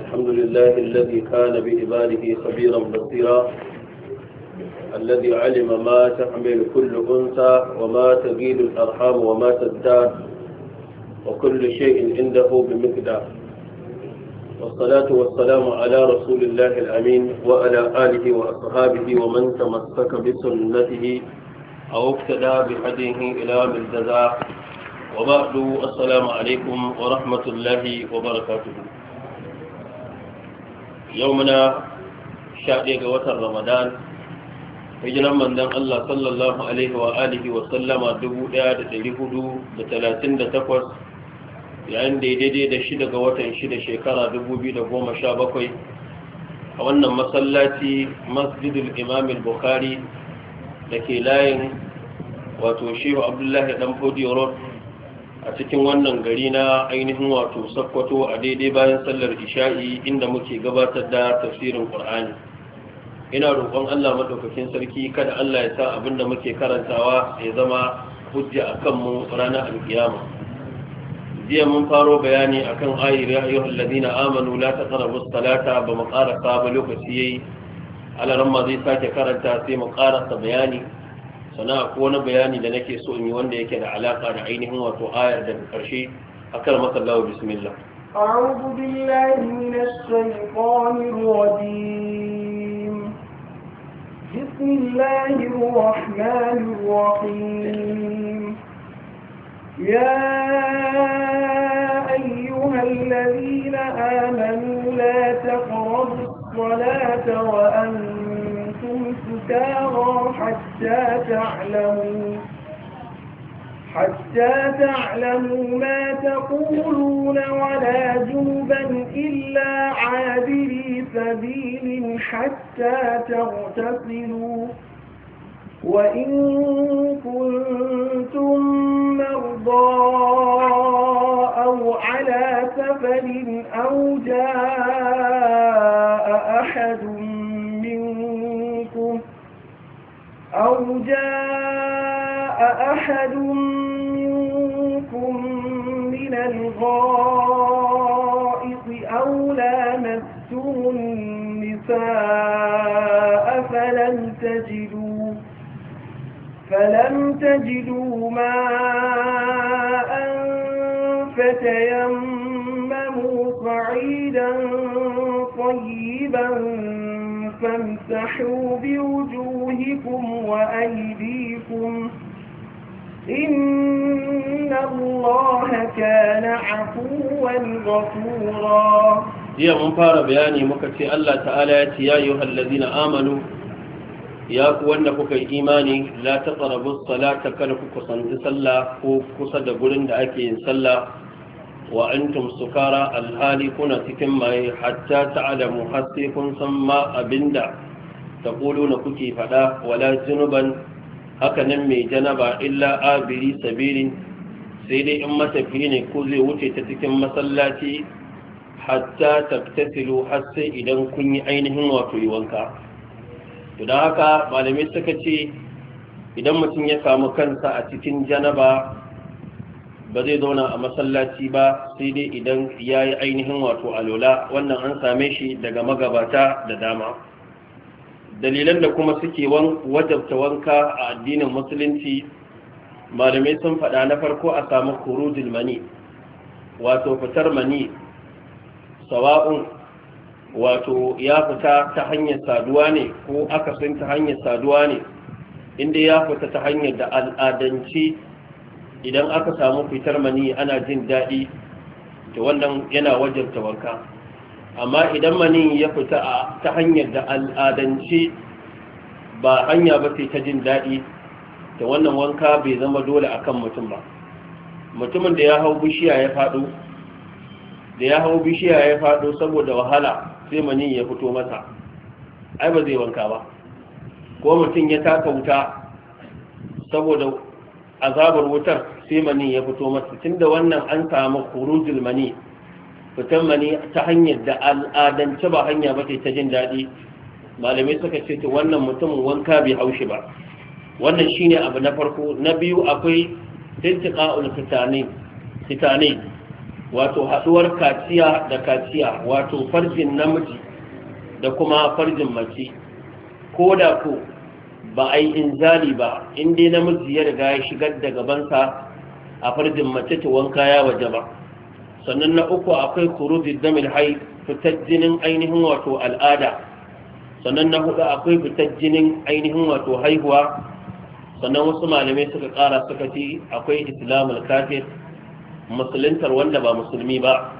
الحمد لله الذي كان بإباده خبيرا بصيرا الذي علم ما تحمل كل أنثى وما تجيد الأرحام وما تزداد وكل شيء عنده بمقدار والصلاة والسلام على رسول الله الأمين وعلى آله وأصحابه ومن تمسك بسنته أو اقتدى بهديه إلى بالجزاء وبعد السلام عليكم ورحمة الله وبركاته yau muna shaɗe ga watan ramadan hijiran mandan Allah sallallahu alaihi wa alihi wa sallama 1438 yayin da ya daidai da shida ga watan shida shekara 2017 a wannan masallaci masjidul imam bukhari da ke layin wato shehu abdullahi dan fodiyo road a cikin wannan gari na ainihin wato sakkwato a daidai bayan sallar isha'i inda muke gabatar da tafsirin qur'ani ina roƙon Allah madaukakin sarki kada Allah ya sa abin da muke karantawa ya zama hujja akan mu ranar alkiyama jiya mun faro bayani akan ayir ya ayyuhal ladina amanu la taqrabu salata ba mu karasa ba lokaci yayi alaran ma zai sake karanta sai mu karasa bayani sana ko wani bayani da nake so in yi wanda yake da alaka da ainihin wato ayar daga karshe akal masallahu bismillah أعوذ بالله من الشيطان الرجيم بسم الله الرحمن الرحيم يا أيها الذين آمنوا لا تقربوا الصلاة وأنتم مختارا حتى تعلموا حتى تعلموا ما تقولون ولا جوبا إلا عابري سبيل حتى تغتسلوا وإن كنتم مرضى أو على سفر أو جاء أحد أو جاء أحد منكم من الغائط أو لامستم النساء فلم تجدوا فلم تجدوا ماء فتيمموا صعيدا طيبا فامسحوا بوجوهكم وأيديكم إن الله كان عفوا غفورا هي مفارة بياني مكتي ألا تعالى يا أيها الذين آمنوا يا كونك كي إيماني لا تقربوا الصلاة كنكو كسند صلاة كو كسد قرند أكي wa antum sukara alhali kuna cikin maye hatta ta'lamu har sai kun san ma abinda ta na kuke fada wala junuban haka nan mai janaba illa abiri sabirin sai dai in matafi ne ko zai wuce ta cikin masallaci hatta taktasilu har sai idan kun yi ainihin wato yi wanka to haka malamai suka ce idan mutum ya samu kansa a cikin janaba ba zai zauna a masallaci ba sai dai idan ya yi ainihin wato alola wannan an same shi daga magabata da dama dalilan da kuma suke wajabta wanka a addinin musulunci malamai sun faɗa na farko a samu kurujil mani wato fitar mani sawa'un wato ya fita ta hanyar saduwa ne ko akasin ta hanyar saduwa ne inda ya fita ta hanyar da al'adance idan aka samu fitar mani ana jin daɗi da wannan yana wajen wanka amma idan mani ya fita ta hanyar da al'adance ba hanya ba sai ta jin daɗi da wannan wanka bai zama dole akan mutum ba mutumin da ya hau bishiya ya faɗo da ya hau bishiya ya faɗo saboda wahala sai mani ya fito masa ai ba zai wanka ba ko mutum ya taka wuta saboda azabar wutar sai mani ya fito masa tunda wannan an samu khurujul mani fitan mani ta hanyar da al'adance ba hanya ba ta jin daɗi malamai suka ce ta wannan mutum wanka bai haushi ba wannan shine abu na farko na biyu akwai tintika fitani fitani wato haɗuwar kaciya da kaciya wato farjin namiji da kuma farjin mace ko da ko ba a yi inzali ba in dai namiji ya riga ya shigar da gabansa a farjin mace ta wanka ya waje ba sannan na uku akwai kuruzi damil hai fitar jinin ainihin wato al'ada sannan na hudu akwai fitar jinin ainihin wato haihuwa sannan wasu malamai suka kara suka ce akwai islamul kafir musuluntar wanda ba musulmi ba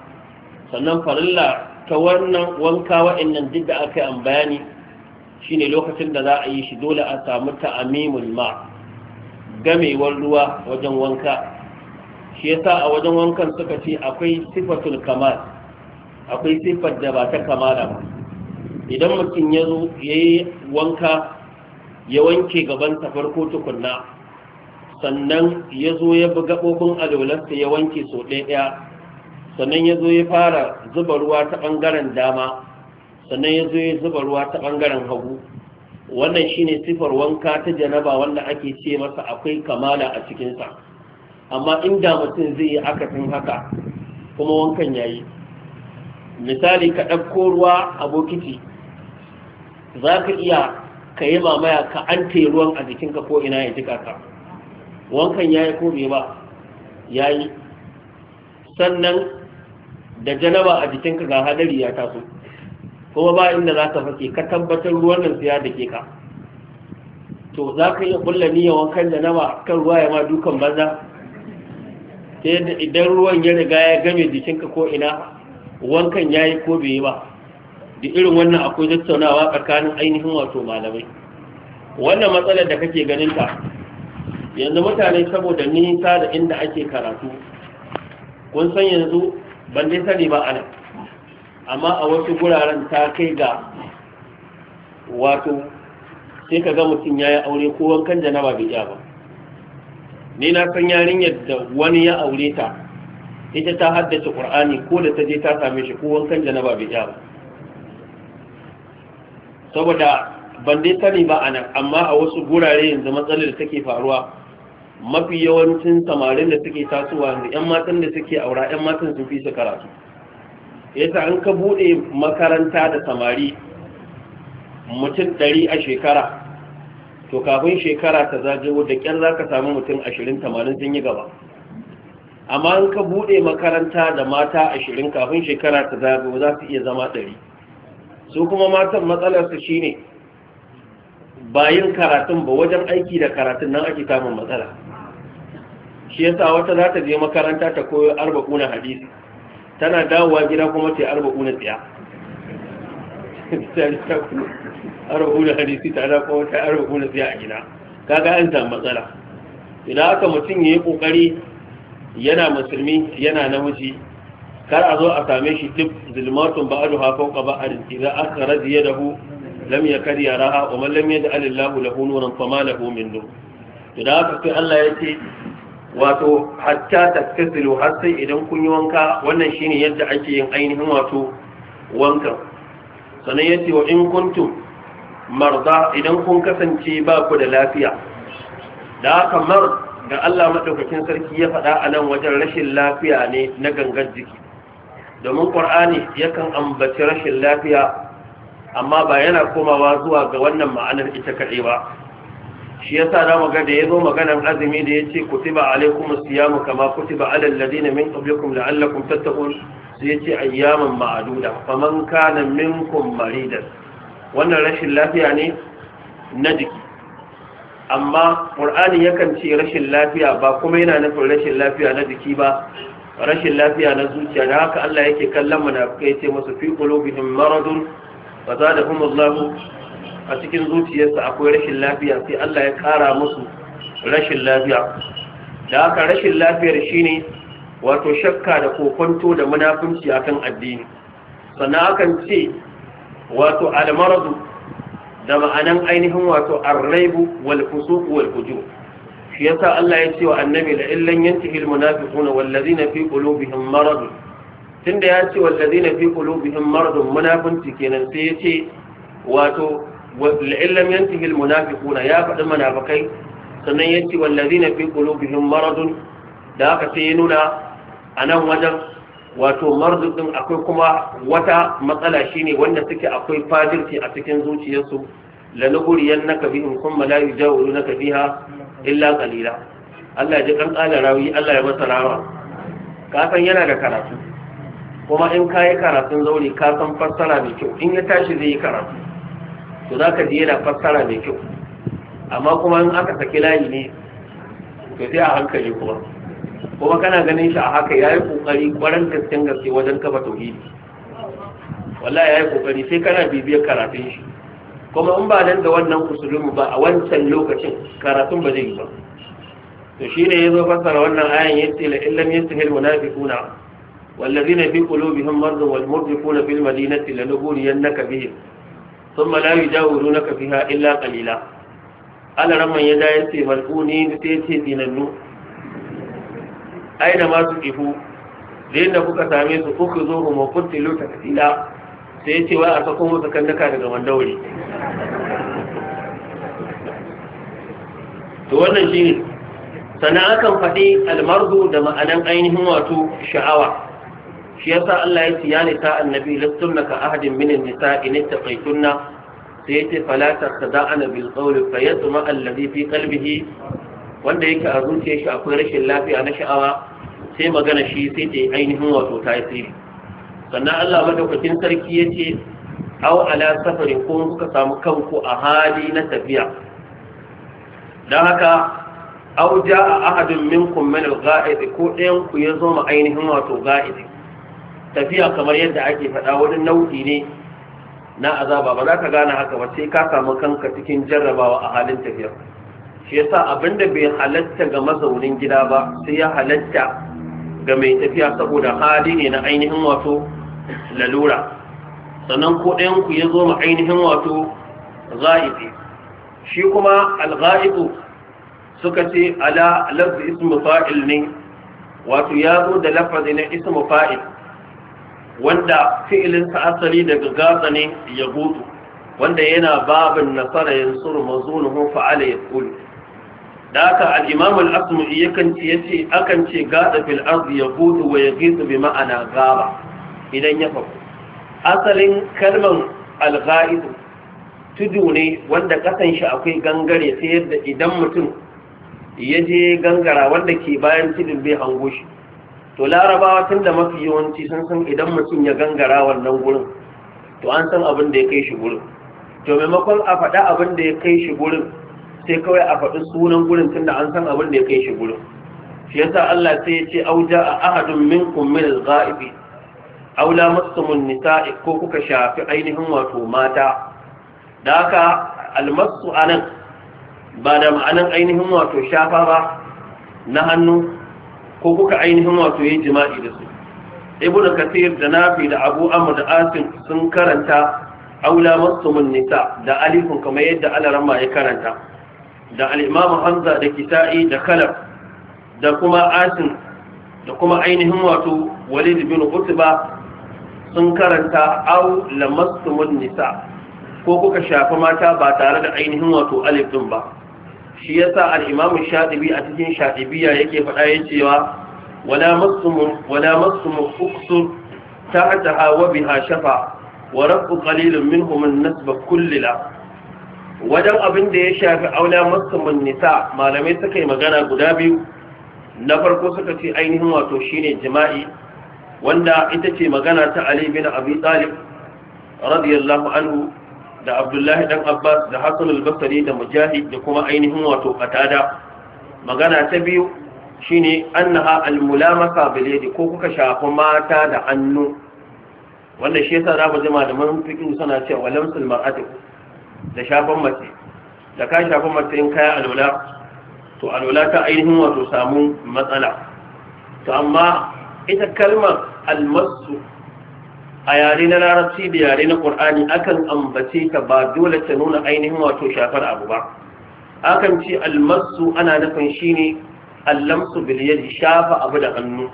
sannan farilla ta wannan wanka wa'annan duk da aka yi an bayani shine lokacin da za a yi shi dole a samu ta'amimul ma gamewar ruwa wajen wanka shi yasa a wajen wankan suka ce akwai sifatul kamal akwai sifat da ba ta kamala ba idan mutum ya zo ya yi wanka ya wanke gabansa farko tukunna sannan ya zo ya bi gaɓoɓin alolarsa ya wanke sau ɗaya sannan ya zo ya fara zuba ruwa ta ɓangaren dama sannan ya zo ya zuba ruwa ta ɓangaren hagu wannan shine sifar wanka ta janaba wanda ake ce masa akwai kamala a cikinsa amma inda mutum zai yi akasin haka kuma wankan ya yi misali ka ɗauko ruwa a bokiti za ka iya ka yi mamaya ka an ruwan a jikinka ko ina ya jika ka wankan ya yi ko bai ba ya yi sannan da janaba a jikinka ga hadari ya taso kuma ba inda za ka fake ka tabbatar ruwan nan siya da ke ka to za ka iya kulla niyan wankan da nawa kan ruwa ya ma dukan banza ta yadda idan ruwan ya riga ya game jikinka ko ina wankan ya yi ko bai yi ba da irin wannan akwai tattaunawa tsakanin ainihin wato malamai wannan matsalar da kake ganin ta yanzu mutane saboda nisa da inda ake karatu kun san yanzu ban dai sani ba a nan amma a wasu guraren ta kai ga wato sai ka ga mutum ya yi aure ko wankan janaba bai iya ba ni na san yarin yadda wani ya aure ta ita ta haddace ƙur'ani ko da ta je ta same shi ko wankan janaba bai iya ba saboda ban dai sani ba a nan amma a wasu gurare yanzu matsalar da take faruwa mafi yawancin samarin da suke tasowa yanzu 'yan matan da suke aura 'yan matan sun fi su karatu yasa an ka bude makaranta da samari mutum dari a shekara to kafin shekara ta zagayo da kyan za ka samu mutum ashirin tamanin sun yi gaba amma an ka buɗe makaranta da mata ashirin kafin shekara ta zagayo za su iya zama ɗari su kuma matan matsalarsu shi ne bayan karatun ba wajen aiki da karatun nan ake samun matsala shi yasa wata za ta je makaranta ta koyo kuna hadisi tana dawowa gida kuma ce arba'una arba'una hadisi ta da kuma ta arba'una tsiya a gida kaga an ta matsala idan aka mutum ya yi kokari yana musulmi yana namiji kar a zo a same shi duk zulmatun ba adu hafa ka ba a idan aka radiya da hu lam ya karya raha wa man lam yaj'al Allahu lahu nuran fama lahu min nur idan aka sai Allah ya ce wato hatta taskasilu har sai idan kun yi wanka wannan shine yadda ake yin ainihin wato wankan sannan yace wa in kuntum marda idan kun kasance ba ku da lafiya da kamar mar da Allah madaukakin sarki ya faɗa a nan wajen rashin lafiya ne na gangan jiki domin qur'ani yakan ambaci rashin lafiya amma ba yana komawa zuwa ga wannan ma'anar ita kaɗai ba shi ya za mu ga da zo maganan azumi da yace kutiba alaikum siyamu kama kutiba alal ladina min qablikum la'allakum tattaqun sai yace ayyaman ma'duda faman kana minkum maridan wannan rashin lafiya ne na jiki amma qur'ani yakan ce rashin lafiya ba kuma yana nufin rashin lafiya na jiki ba rashin lafiya na zuciya da haka Allah yake kallon munafikai yace musu fi qulubihim maradun fa zadahum Allahu a cikin zuciyarsa akwai rashin lafiya sai Allah ya kara musu rashin lafiya da aka rashin lafiyar shine wato shakka da kokonto da munafunci akan addini sannan akan ce wato almaradu da ma'anan ainihin wato arraibu wal fusuq wal fujur shi yasa Allah ya ce wa annabi la illan yantahi al munafiquna wal ladina fi qulubihim marad tunda ya ce wal ladina fi qulubihim marad munafunci kenan sai ya ce wato la'in lam yantahi almunafiquna ya faɗi munafikai sannan yace wallazina fi qulubihim maradun da aka sai ya nuna a nan wajen wato maradun akwai kuma wata matsala shine wanda suke akwai fadirci a cikin zuciyarsu lanuguriyannaka bihim thumma na yujawirunaka biha illa qalila Allah ya ji kan kala rawi Allah ya masa rawa ka san yana da karatu kuma in kayi karatun zaure ka san fassara mai kyau in ya tashi zai yi karatu to za ka ji yana fassara mai kyau amma kuma in aka saki layi ne to sai a hankali kuma kuma kana ganin shi a haka ya yi ƙoƙari ƙwarar gasken gaske wajen kafa tauhidi wallahi ya yi ƙoƙari sai kana bibiyar karatun shi kuma in ba nan da wannan usulumu ba a wancan lokacin karatun ba zai yi ba to shi ne ya zo fassara wannan ayan ce la illam yastahil munafiquna والذين في قلوبهم مرض والمرجفون في المدينة لنغرينك بهم sun ma dami jawuru na kafi ha illa kalila alaran ya da ya ce mal'uni da ta ce ai da masu ihu da kuka same su kuka zo ga mafutin lota kasila sai ya ce wa a daga mandawari to wannan shi ne sana'akan faɗi almardu da ma'anan ainihin wato sha'awa shi yasa Allah ya ce ya nisa annabi lastunna ka ahadin min nisa in taqaytunna sai falata fala taqda'ana bil qawli fayatma alladhi fi qalbihi wanda yake a zuciyar shi akwai rashin lafiya na sha'awa sai magana shi sai ta ainihin wato tasiri sannan Allah madaukakin sarki yace aw ala safarin ko kuka samu kanku a hali na tafiya dan haka aw jaa ahadun minkum min al-gha'id ko ɗayan ku ya zo ainihin wato ga'idi tafiya kamar yadda ake faɗa wani nau'i ne na azaba ba za ka gane haka ba sai ka samu kanka cikin jarrabawa a halin tafiyar shi yasa da bai halatta ga mazaunin gida ba sai ya halatta ga mai tafiya saboda hali ne na ainihin wato lalura sannan ko ɗayanku ya zo ma ainihin wato za'ifi shi kuma al-ga'ibu suka ce ala lafzi ismu fa'il ne wato ya zo da lafazi na ismu fa'il wanda fi'ilinsa asali daga gaza ne ya gudu wanda yana babin nasara Yansu mazunuhu fa'ala yaqul da haka al-imam al yakan ce yace akan ce gada fil ya yaqutu wa bi ma'ana gaba idan ya faku asalin kalman al tudu ne wanda kasan shi akwai gangare sai yadda idan mutum ya je gangara wanda ke bayan tudun bai hango shi to larabawa tun da mafi yawanci sun san idan mutum ya gangara wannan gurin to an san abin da ya kai shi gurin to maimakon a faɗa abin da ya kai shi gurin sai kawai a faɗi sunan gurin tun da an san abin da ya kai shi gurin shi yasa Allah sai ya ce auja a ahadun minkum min al-ghaibi aula masumun ko kuka shafi ainihin wato mata da haka almasu anan ba da ma'anan ainihin wato shafa ba na hannu ko kuka ainihin wato yi jima'i da su ibnu kathir da nafi da abu amr da asim sun karanta aula mas'umin nisa da alifin kamar yadda alarama ya karanta da al hamza da Kitai da Kalar da kuma asim da kuma ainihin wato walid bin utba sun karanta au mas'umin nisa ko kuka shafi mata ba tare da ainihin wato alif din ba shi yasa sa al’imamun shaɗibi a cikin shaɗibiya yake faɗa ya cewa wala masum wala ta fuqsur hawa biha shafa wa rabbu qalilun min nasba kullila wajen abin da ya shafi aula masumin nisa malamai suka yi magana guda biyu na farko suka ce ainihin wato shi ne jima'i wanda ita ce magana ta Ali bin Abi Talib radiyallahu anhu da abdullahi dan abbas da hassan al da mujahid da kuma ainihin wato Atada, magana ta biyu shine annaha al-mulamasa ko kuka shafa mata da hannu wannan shi yasa da jama'a da mun fiqh suna cewa lamsul mar'ati da shafan mace da ka shafan mace in kaya alwala to alwala ta ainihin wato samu matsala to amma ita kalmar almasu a yare na larabci da yare na ƙur'ani akan ambace ta ba dole ta nuna ainihin wato shafar abu ba akan ce almasu ana nufin shine allamsu bil shafa abu da hannu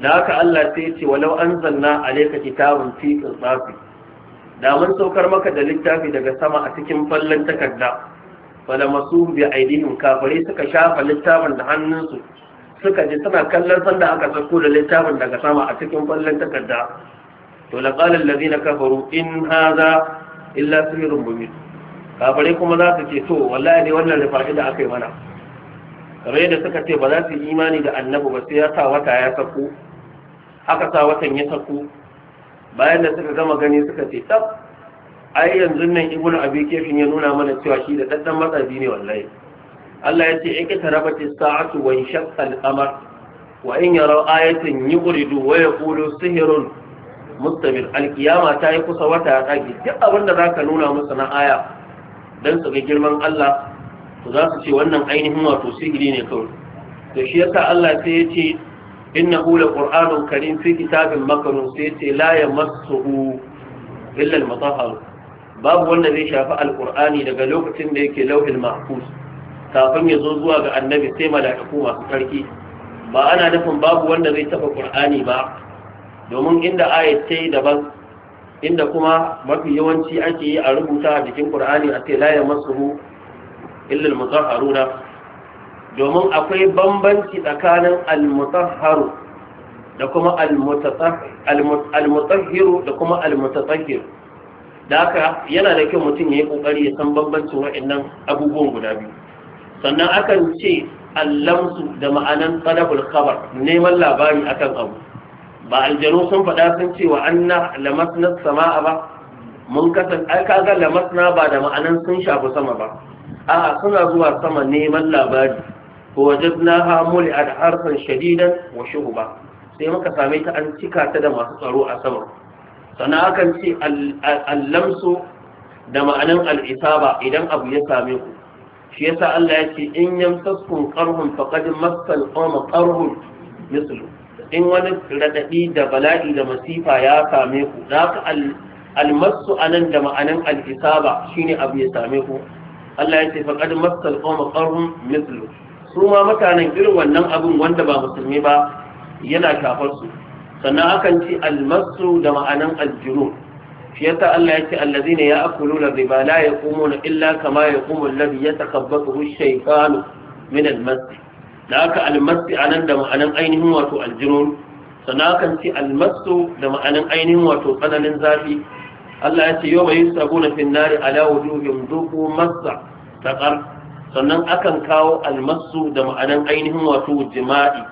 da haka Allah sai ce walau a leka kitabun fi qirtafi da mun saukar maka da littafi daga sama a cikin fallan takarda fala masu bi aidihim kafare suka shafa littafin da hannunsu suka ji suna kallon sanda aka sako da littafin daga sama a cikin fallon takarda to la qala na kafaru in hadha illa sihrun mubin kafare kuma za su ce to wallahi ne wannan da aka yi mana kamar da suka ce ba za su yi imani da annabi ba sai ya sa wata ya sako aka sa watan ya sako bayan da suka gama gani suka ce tab ai yanzu nan ibnu abi kefin ya nuna mana cewa shi da daddan matsabi ne wallahi Allah ya ce in ka rabata sa'atu wa shaqqa al-qamar wa in yaraw ayatan yuridu wa yaqulu sihrun mustamir alkiyama ta yi kusa wata ya tsage duk abin da za ka nuna musu na aya don su ga girman Allah to za su ce wannan ainihin wato sigiri ne kawai to shi yasa Allah sai ya ce innahu hula qur'anun karim fi kitabin makarun sai ya ce la yamassuhu illa al babu wanda zai shafi alqur'ani daga lokacin da yake lauhil mahfuz kafin ya zo zuwa ga annabi sai mala'iku masu sarki. ba ana nufin babu wanda zai taba qur'ani ba domin inda ayat daban inda kuma mafi yawanci ake yi a rubuta a jikin ƙur'ani a ce laye masu illal na domin akwai bambanci tsakanin al da kuma al da kuma da aka yana da kyau mutum ya yi ƙoƙari ya san bambancin waɗannan abubuwan guda biyu sannan akan ce allamsu da ma'anan talabul khabar neman labari akan abu ba aljanu sun faɗa sun ce wa anna lamasna sama'a ba mun kasan ai kaga lamasna ba da ma'anan sun shafi sama ba a suna zuwa sama neman labari ko a da harsan shadidan wa ba sai muka same ta an cika ta da masu tsaro a sama sannan akan ce allamsu da ma'anan al'isaba idan abu ya same ku shi yasa Allah ya ce in yamsaskum karhun faqad massal qawma qarhun mislu in wani raɗaɗi da bala'i da masifa ya same ku za ka almasu a nan da ma'anin al'isaba shine abu ya same ku Allah ya ce faƙad masal qawma qarhum mislu su ma mutanen irin wannan abin wanda ba musulmi ba yana shafar su sannan akan ci almasu da ma'anin aljiru shi yasa Allah ya ce allazina ya'kuluna riba la yaqumuna illa kama yaqumu alladhi yatakabbathu ash-shaytanu min al-masjid da aka almasi a nan da ma'anan ainihin wato aljinun sannan kan ce almasu da ma'anan ainihin wato tsananin zafi Allah ya ce yau mai sabo na fin finnari ala wujuhim duku masa taƙar sannan akan kawo almasu da ma'anan ainihin wato jima'i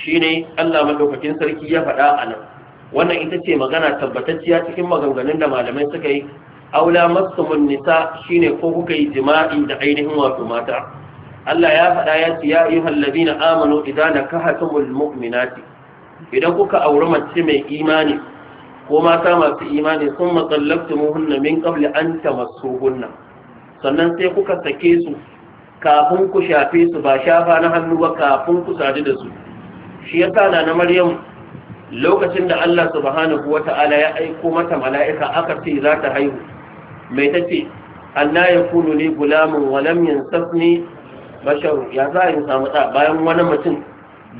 Shi ne Allah madaukakin sarki ya faɗa a nan wannan ita ce magana tabbatacciya cikin maganganun da malamai suka yi aula masumun nisa shine ko kuka yi jima'i da ainihin wato mata Allah ya faɗa ya ce ya ayyuhal ladina amanu idan nakahatumul mu'minati idan kuka auri mace mai imani ko mata masu imani sun matsallaktumuhunna min qabli an tamassuhunna sannan sai kuka sake su kafin ku shafe su ba shafa na hannu ba kafin ku sadu da su shi ya na na Maryam lokacin da Allah subhanahu wata'ala ya aiko mata mala'ika aka ce za ta haihu mai tace ya yakunu li gulamun wa lam yansafni basharu ya za a yi samu ta bayan wani mutum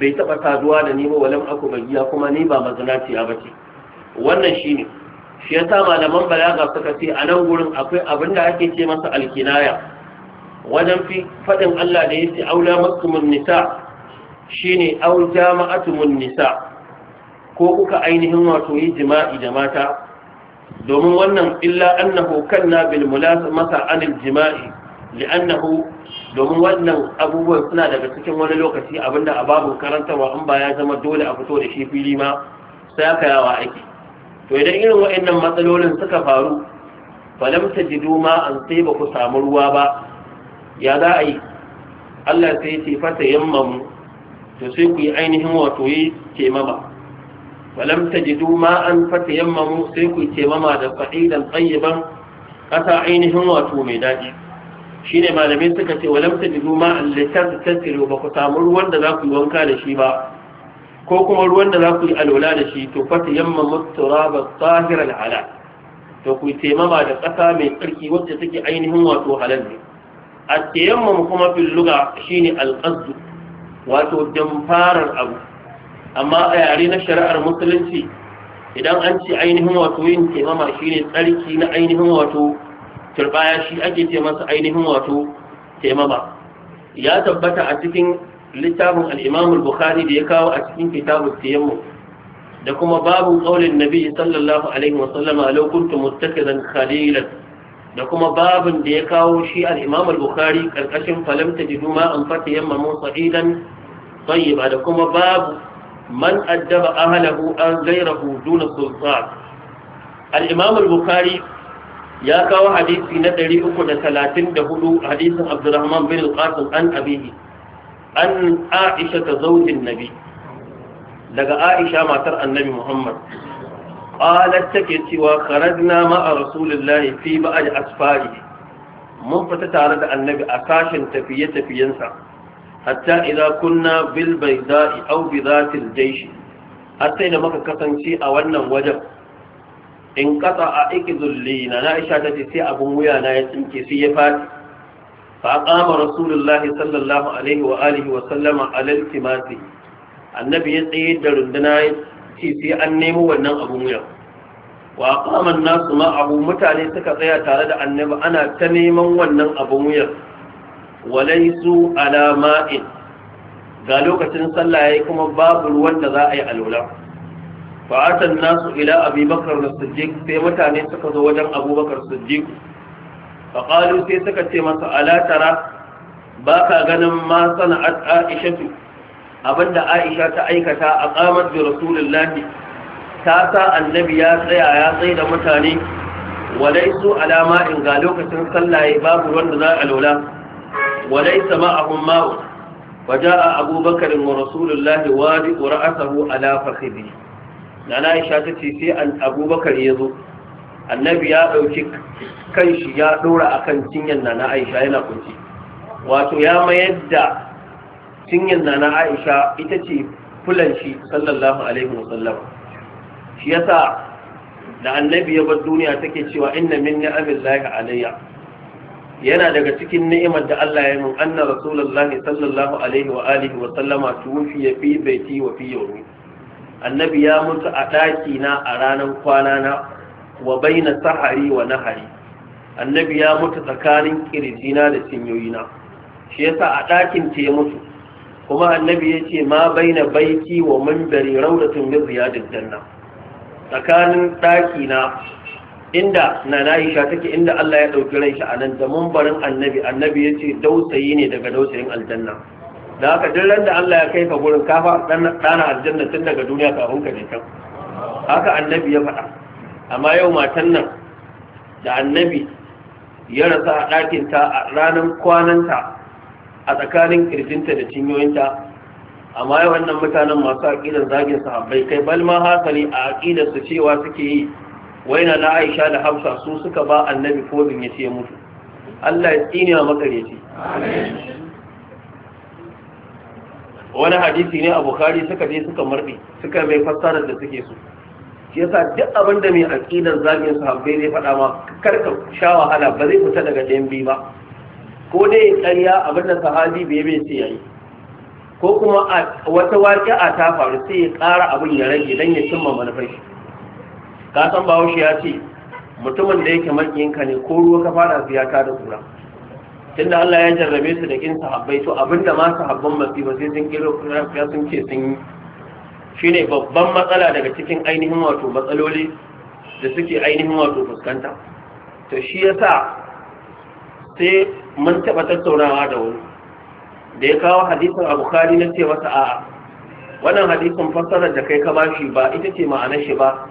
bai taɓa saduwa da ni ba walam aku bagiya kuma ni ba mazinaciya ba ce wannan shi ne shi ya sa malaman balaga suka ce a nan gurin akwai abin da ake ce masa alkinaya wajen fi faɗin Allah da ya ce aula makumun nisa shine au jama'atumun nisa ko kuka ainihin wato yi jima'i da mata domin wannan illa annahu kanna bil masa anil jima'i li'annahu domin wannan abubuwan suna daga cikin wani lokaci abinda a babu karantarwa in ba ya zama dole a fito da shi fili ma sai aka yawa aiki to idan irin waɗannan matsalolin suka faru falam tajidu ma an sai ba ku samu ruwa ba ya za a yi Allah sai ce fata yammamu to sai ku yi ainihin wato yi temama falam tajidu ma an fata yammamu sai ku yi temama da fa'idan tsayyiban ƙasa ainihin wato mai daɗi shine malamai suka ce walam tajidu ma allatan tasiru ba ku samu ruwan da za ku yi wanka da shi ba ko kuma ruwan da za ku yi alwala da shi to fata yamma musturaba tahira alhala to ku taimama da ƙasa mai tsarki wacce take ainihin wato halal ne a tayammam kuma fil shine alqasd wato damfarar abu amma a yare na shari'ar musulunci idan an ce ainihin wato yin taimama shine tsarki na ainihin wato turbaya shi ake ce masa ainihin wato taimama ya tabbata a cikin littafin al bukhari da ya kawo a cikin kitabut tayammum da kuma babu qaulin nabi sallallahu alaihi da kuma babun da ya kawo shi al-Imam al-Bukhari karkashin falam tajidu ma an fatayammamu sa'idan da kuma babu man addaba ahlahu an ghayrahu duna sultan al bukhari ya kawo hadisi na 334 hadisin Abdurrahman bin al-Qasim an abihi an Aisha ta zaujin Nabi daga Aisha matar Annabi Muhammad qalat take cewa kharajna ma'a rasulillahi fi ba'd asfari mun fita tare da Annabi a kashin tafiye-tafiyensa hatta idza kunna bil bayda'i aw bi dhatil jaysh hatta da muka kasance a wannan wajen in kasa a ikizulli na na'isha ta ce sai abin wuya na ya tsinke sai ya fadi fa kama rasulullahi sallallahu alaihi wa alihi wa sallama alal timati annabi ya tsaye da runduna ce sai an nemo wannan abin wuya wa kama nasu ma abu mutane suka tsaya tare da annabi ana ta neman wannan abin wuya walai su alama'in ga lokacin sallah yi kuma babu ruwan da za a yi alwala fa'atan nasu ila abi bakar sai mutane suka zo wajen abubakar siddiq fa sai suka ce masa alatara ba ka ganin ma sana'at aishatu abinda aisha ta aikata a qamat bi rasulullahi ta sa annabi ya tsaya ya tsaye da mutane su alama in ga lokacin sallaye babu wanda za a lola walaisa ma'ahum ma'u وجاء أبو بكر ورسول الله وادئ رأسه على فخذه da na isha ta ce sai an abubakar ya zo annabi ya ɗauki kanshi ya ɗora a kan cinyar na na aisha yana kunci wato ya mayar da cinyar na na aisha ita ce fulan shi sallallahu alaihi wasallam shi ya sa da annabi ya bar duniya take cewa inna min ni'amillahi alayya yana daga cikin ni'imar da Allah ya min anna rasulullahi sallallahu alaihi wa alihi wa sallama tuwfiya fi baiti wa fi yawmi annabi ya mutu a ɗaki na a ranar kwana na wa baina sahari wa nahari annabi ya mutu tsakanin kirjina da cinyoyina shi yasa a ɗakin ce ya mutu kuma annabi ya ce ma baina baiki wa mambari raudatun min ya daddanna tsakanin ɗaki na inda na na'isha take inda Allah ya ɗauki ran shi a nan da mambarin annabi annabi ya ce dausayi ne daga dausayin aljanna da haka duk da Allah ya kai ka gurin kafa ɗana aljanna tun daga duniya kafin ka je can haka annabi ya faɗa amma yau matan nan da annabi ya rasa a ɗakinta a ranar kwananta a tsakanin ƙirjinta da cinyoyinta amma yau wannan mutanen masu aƙidar zagin sahabbai kai Balma ma hasali a aƙidar su cewa suke yi waina na Aisha da Hafsa su suka ba annabi kobin ya ce mutu Allah ya tsine wa makareci wani hadisi ne a bukari suka je suka marbe suka mai fassarar da suke so shi yasa duk abin da mai aƙidar zagin sahabbai zai faɗa ma karka sha wahala ba zai fita daga ɗayan ba ko dai ya ƙarya abin da sahabi bai bai sai yayi ko kuma wata waƙi'a ta faru sai ya ƙara abin ya rage don ya cimma manufar shi ka san bahaushe ya ce mutumin da yake makiyinka ne ko ruwa ka fara ziyarta da kura tunda Allah ya jarrabe su da kin sahabbai to abinda ma sahabban masu ba sai sun kiro sun ce sun yi shine babban matsala daga cikin ainihin wato matsaloli da suke ainihin wato fuskanta to shi yasa sai mun taɓa tattaunawa da wani da ya kawo hadisin a Khari na ce masa a wannan hadisin fassarar da kai ka bashi ba ita ce ma'anar shi ba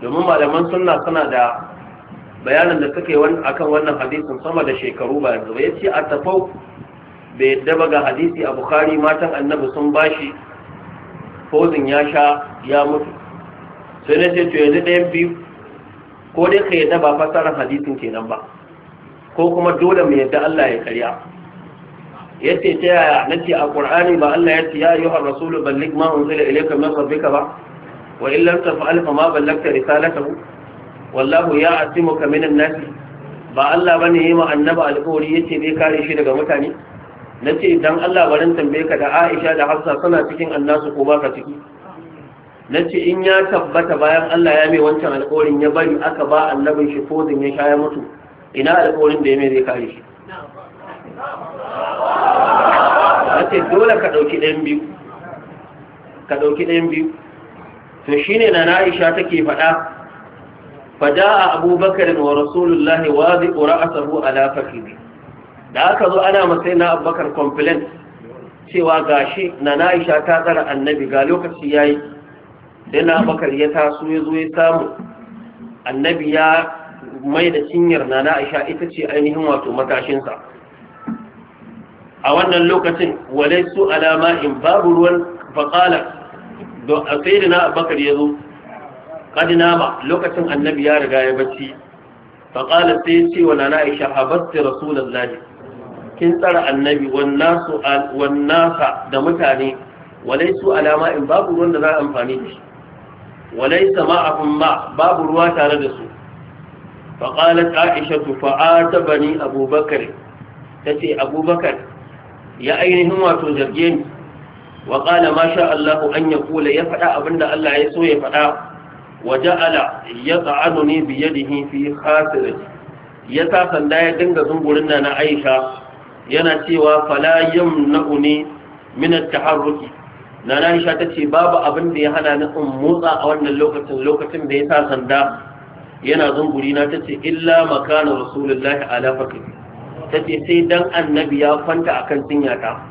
domin malaman sunna suna da bayanin da kake yi akan wannan hadisin sama da shekaru ba yanzu ya ce a tafau bai yadda ba ga hadisi a bukhari matan annabi sun ba shi. fozin ya sha ya mutu sai na ce to yanzu daya biyu ko dai ka yadda ba fasarar hadisin kenan ba ko kuma dole mu yadda Allah ya karya Ya ce ta yaya na ce a ƙur'ani ba Allah ya ce ya har rasulu ballik ma'un zai da min rabbika ba wa alfama taf'al fa ma wallahu ya asimuka minan nasi ba Allah bane yi ma annaba alƙawari yace zai kare shi daga mutane nace dan Allah barin tambaye ka da Aisha da Hafsa suna cikin annasu ko ba ka ciki nace in ya tabbata bayan Allah ya mai wancan alƙawarin ya bari aka ba annabin shi fozin ya shaya mutu ina alƙawarin da ya mai zai kare shi nace dole ka dauki ɗayan biyu ka dauki ɗayan biyu to shine na Aisha take faɗa فجاء أبو بكر ورسول الله واضع رأسه على فخذه da aka zo ana matsayin na abubakar complain cewa gashi na na'isha ta tsara annabi ga lokaci ya yi sai na abubakar ya taso zo ya samu annabi ya mai da cinyar na na'isha ita ce ainihin wato matashinsa a wannan lokacin walai su alama in babu ruwan faƙala da a sai da na abubakar ya zo qad nama lokacin annabi ya riga ya bacci fa qala sai ce wa nana aisha habasti rasulullahi kin tsara annabi wan nasu wan nasa da mutane su alama in babu ruwan da za a amfani da shi sama ma'ahum ma babu ruwa tare da su fa Aisha su fa'ata bani abubakar ta ce abubakar ya ainihin wato jirgin. ni wa qala ma sha Allah an ya kula ya faɗa abinda Allah ya so ya faɗa waja'ala yata'anuni bi yadihi fi khasirati ya sanda ya dinga zungurin na Aisha yana cewa fala yamna'uni min at-taharruki na Aisha ce babu abin da ya hana ni in motsa a wannan lokacin lokacin da ya sa sanda yana zunguri na ce illa makana rasulullahi ala ta ce sai dan annabi ya kwanta akan ta.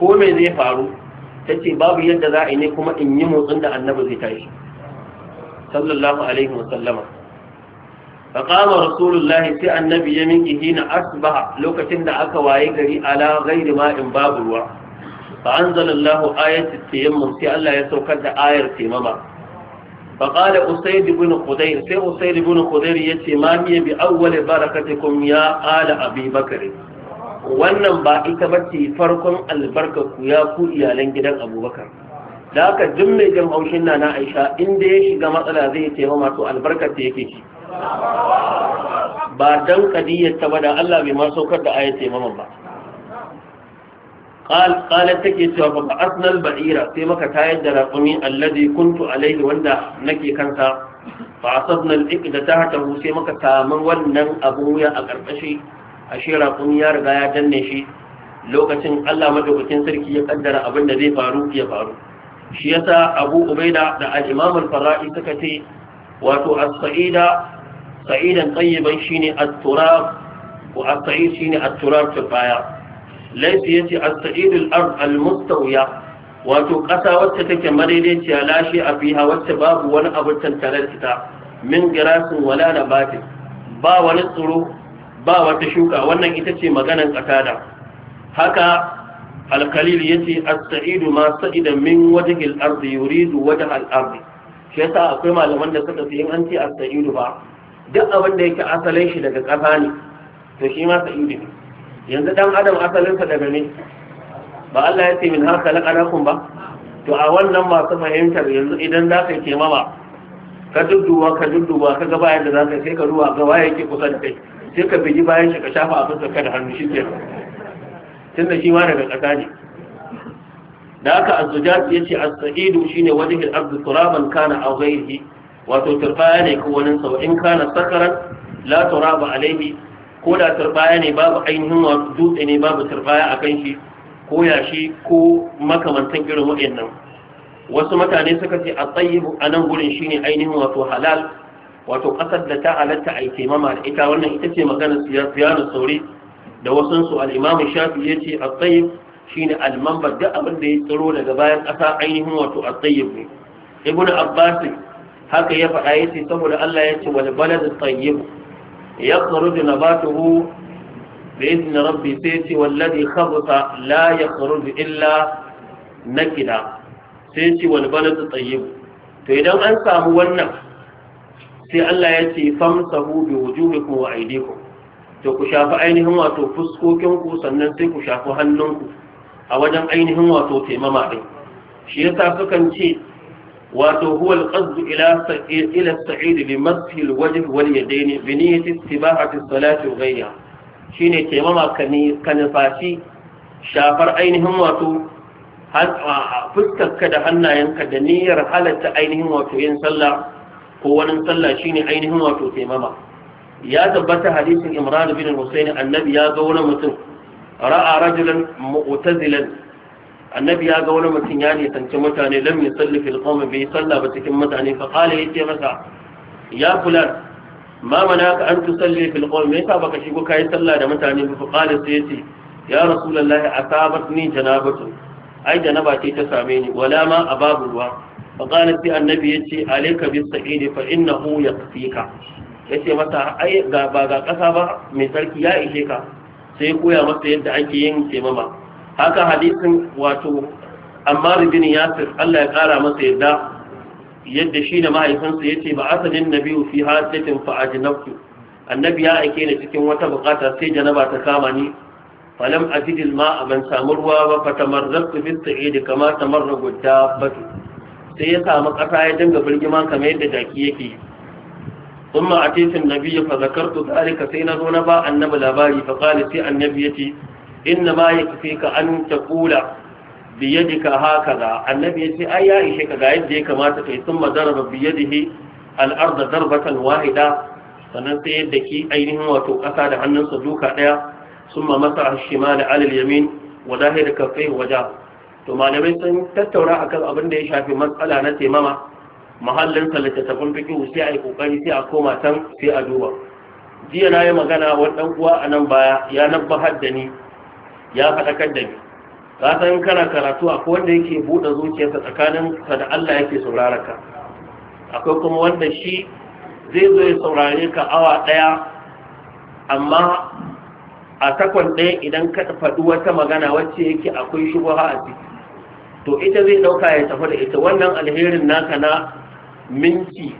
ko me zai faru tace babu yadda za a yi ne kuma in yi motsin da annabi zai tashi sallallahu alaihi wasallama faqama rasulullahi sai annabi ya miki hina asbaha lokacin da aka waye gari ala ghairi ma'in babu ruwa fa anzalallahu ayatul tayammum sai Allah ya saukar da ayar tayammama فقال أسيد بن خدير سي أسيد بن خدير يتي ما هي بأول بركتكم يا آل أبي بكر wannan ba ita bace farkon albarkarku ya ku iyalan gidan abubakar da haka duk mai jin haushin na na aisha inda ya shiga matsala zai taimama masu albarkar ta yake ci ba don kadiyar ta ba da Allah bai ma saukar da ayat taimama ba ƙalar take cewa fa asnal ba'ira sai maka tayar da raƙumi allazi kuntu alaihi wanda nake kansa fa asabna ta iqda hu sai maka samun wannan abu wuya a karkashi ashe raƙumi. ya riga ya danne shi lokacin Allah madaukakin sarki ya kaddara abin da zai faru ya faru shi yasa abu ubaida da al-imam al-fara'i suka ce wato as-sa'ida sa'idan tayyiban shine at-turab wa as-sa'id shine at-turab laysa yati as-sa'id al-ard al-mustawiya wato kasa wacce take madaidaiciya lashe a fiha wacce babu wani abu tantare ta min girasin wala nabatin ba wani tsiro ba wata shuka wannan ita ce maganan tsakada haka alkalil yace as-sa'idu ma sa'ida min wajhil ardi yuridu wajha al-ardi shi yasa akwai malaman da suka ce an ce as-sa'idu ba duk abin da yake asalin shi daga ƙasa ne to shi ma sa'idu ne yanzu dan adam asalinsa daga ne ba Allah ya ce min haka laqanakum ba to a wannan masu fahimtar yanzu idan za ka ke mawa, ka dudduwa ka dudduwa ka ga bayan da za ka sai ka ruwa ga waye yake kusa da kai sai ka bigi bayan shi ka shafa abin ka da hannu shi ke tun da shi ma daga ƙasa ne da aka azzujat ya ce as-sa'idu shine wajhil ardi turaban kana aw ghayrihi wato turbaya ne ko wani sa in kana sakaran la turaba alaihi ko da turbaya ne babu ainihin wasu dutse ne babu turbaya kan shi ko yashi ko makamantan irin nan wasu mutane suka ce a tsayibu a nan gurin ne ainihin wato halal wato ƙasar da ta halatta a yi taimama da ita wannan ita ce maganar siyanu sauri da wasansu al'imamu shafi ya ce a tsayib shi ne almambar da abin da ya tsaro daga bayan ƙasa ainihin wato a tsayib ne ibn abbas haka ya faɗa ya ce saboda allah ya ce wani bala da tsayib ya tsaro da nabatuhu da izinin rabbi sai ce wallazi khabata la ya tsaro da illa na kida sai ce wani bala da tsayib to idan an samu wannan sai allah ya ce famsahu bi wujuhikum wa aydikum to ku shafi ainihin wato fuskokinku sannan sai ku shafi hannunku a wajen ainihin wato taimama ɗin shi sa sukan ce wato huwa alqasdu ila ila as-sa'id li mashi wajh wal yadayn bi niyyati istibahati salati wa ghayriha shine taimama kani fashi? shafar ainihin wato fuskarka da hannayenka da niyyar halatta ainihin wato yin sallah ko wani sallah shine ainihin wato taimama ya tabbata hadisin imran bin husayn annabi ya ga wani mutum ra'a rajulan mu'tazilan annabi ya ga wani mutum ya nisanci mutane lam yusalli fil qawm bi salla ba cikin mutane fa qala yace masa ya fulan ma manaka an tusalli fil qawm me yasa baka shigo kai salla da mutane fa qala sai yace ya rasulullahi asabatni janabatu ai janaba ce ta same ni wala ma ababu ruwa fa qala sai annabi yace alayka bis sa'id fa innahu yaqfika ya ce masa ai ga ba ga ƙasa ba mai sarki ya ishe ka sai koya masa yadda ake yin taimama haka hadisin wato ammar bin yasir Allah ya ƙara masa yadda yadda shi da mahaifinsa ya ce ba asalin nabiyu fi hajjatin fa ajnabtu annabi ya aike ni cikin wata bukata sai janaba ta kama ni falam ajidil ma ban samu ruwa ba fa tamarrabtu fi sa'id kama tamarragu dabbatu sai ya samu ƙasa ya dinga birgima kamar yadda jaki yake yi. ثم أتيت النبي فذكرت ذلك سينا هنا با النبى لباري فقال سي النبي يتي إنما يكفيك أن تقول بيدك هكذا النبي يتي أيا إشيك قاعد ديك ما تكي ثم ضرب بيده الأرض ضربة واحدة sannan sai yadda ki ainihin wato ƙasa da hannunsa duka ɗaya sun ma masa shima da alal yamin wa zahir kafai waja to malamai sun tattauna akan abin da ya shafi matsala na taimama mahallin littattafan biki sai a yi kokari sai a koma can sai a duba jiya na yi magana wa ɗan uwa a nan baya ya nabba hadda ni ya faɗakar da ni ka san kana karatu akwai wanda yake buɗe zuciyarsa tsakanin sa da Allah yake saurara ka akwai kuma wanda shi zai zo ya saurare ka awa ɗaya amma a takwan ɗaya idan ka faɗi wata magana wacce yake akwai shubuha a ciki to ita zai ɗauka ya tafi da ita wannan alherin naka na minti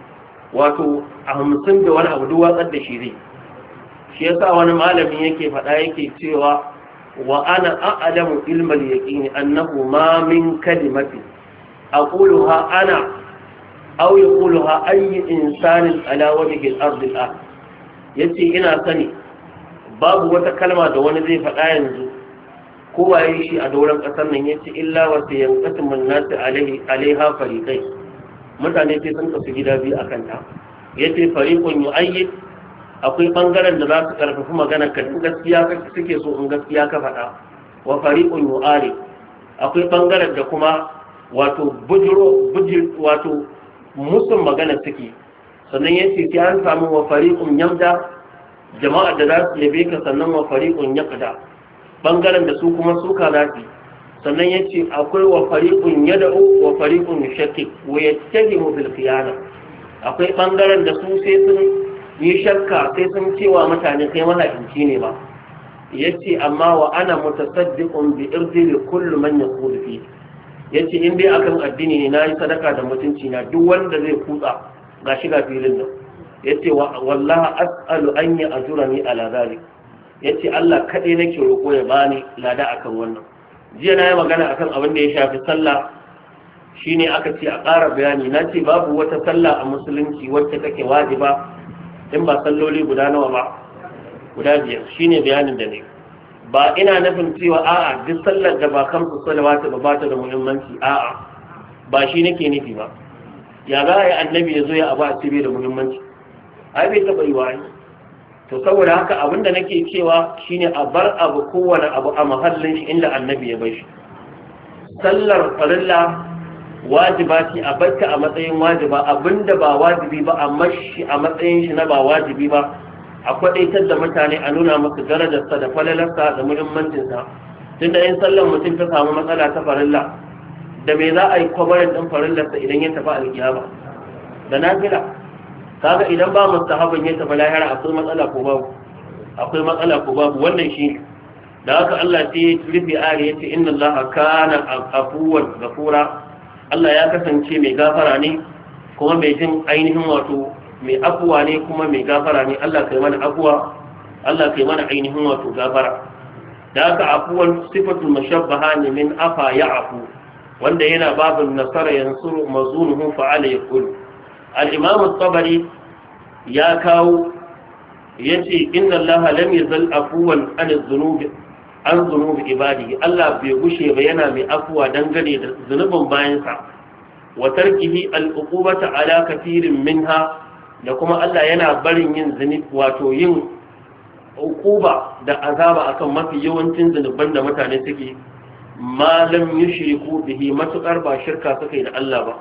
wato a hamsin da wani abu duwatsar da shi zai shi yasa wani malamin yake faɗa yake cewa wa ana ilmar ilmal yaqini annahu ma min kalimatin aquluha ana aw yaquluha ayyu insanin ala wajhi al-ard al-ah yace ina sani babu wata kalma da wani zai faɗa yanzu ko waye shi a doron ƙasar nan yace illa wa sayanqatu min nas alaiha fariqai mutane sai sun kasu gida biyu akan ta yace fariqun ayi akwai bangaren da za su karfafi magana ka gaskiya suke so in gaskiya ka faɗa wa fariqun ari. akwai bangaren da kuma wato bujiro bujir wato musun magana suke sannan ya ce sai an samu wa fariqun yamda jama'a da za su yabe ka sannan wa fariqun yaqda bangaren da su kuma suka zafi sannan ya ce akwai wa fariƙun ya da'u wa ya shakki wa ya mu akwai ɓangaren da su sai sun yi shakka sai sun cewa mutane kai mahaifinci ne ba ya ce amma wa ana mutasaddiqun bi irzi da kullum manyan kurfi ya ce in dai akan addini ne na yi sadaka da mutunci na duk wanda zai kutsa ga shiga filin nan ya ce wallahi as'alu an yi ni a ladari ya ce Allah kaɗai nake roƙo ya bani lada akan wannan jiya na yi magana akan abin da ya shafi sallah shine aka ce a ƙara bayani na ce babu wata sallah a musulunci wacce take wajiba in ba salloli guda nawa ba guda biyar ne bayanin da ne ba ina nufin cewa a'a duk sallar da ba kan su salawatu ba bata da muhimmanci a'a ba shi nake nufi ba ya za a yi annabi ya zo ya abu a da muhimmanci ai bai taɓa yi wa to saboda haka abin da nake cewa shine a bar abu kowane abu a mahallin shi inda annabi ya bai shi sallar farilla wajiba ce a barka a matsayin wajiba abinda ba wajibi ba amma shi a matsayin shi na ba wajibi ba a kwadaitar da mutane a nuna maka darajarsa da falalarsa da muhimmancinsa tun da yin sallar mutum ta samu matsala ta farilla da me za a yi kwabarin ɗin farillarsa idan ya tafi alƙiyama da nafila kaga idan ba mustahabin ya tafi lahira akwai matsala ko babu akwai matsala ko babu wannan shi da haka Allah sai ya rufe ari ya ce inna Allah kana afuwan gafura Allah ya kasance mai gafara ne kuma mai jin ainihin wato mai afuwa ne kuma mai gafara ne Allah kai mana afuwa Allah kai mana ainihin wato gafara da haka afuwan sifatul mashabbaha ne min afa ya afu wanda yana babin nasara yansuru mazunuhu fa'ala yaqul al-imam ya kawo ya ce, allaha lam yazal afwan an zunubi ibadi Allah bai bushe ba yana mai afuwa gane da zunubin bayansa wa tarkihi al-uqubata ala kathirin minha da kuma Allah yana barin yin zunubi wato yin uquba da azaba akan mafi yawancin zunuban da mutane suke ma lam yushriku bihi matukar ba shirka suka da Allah ba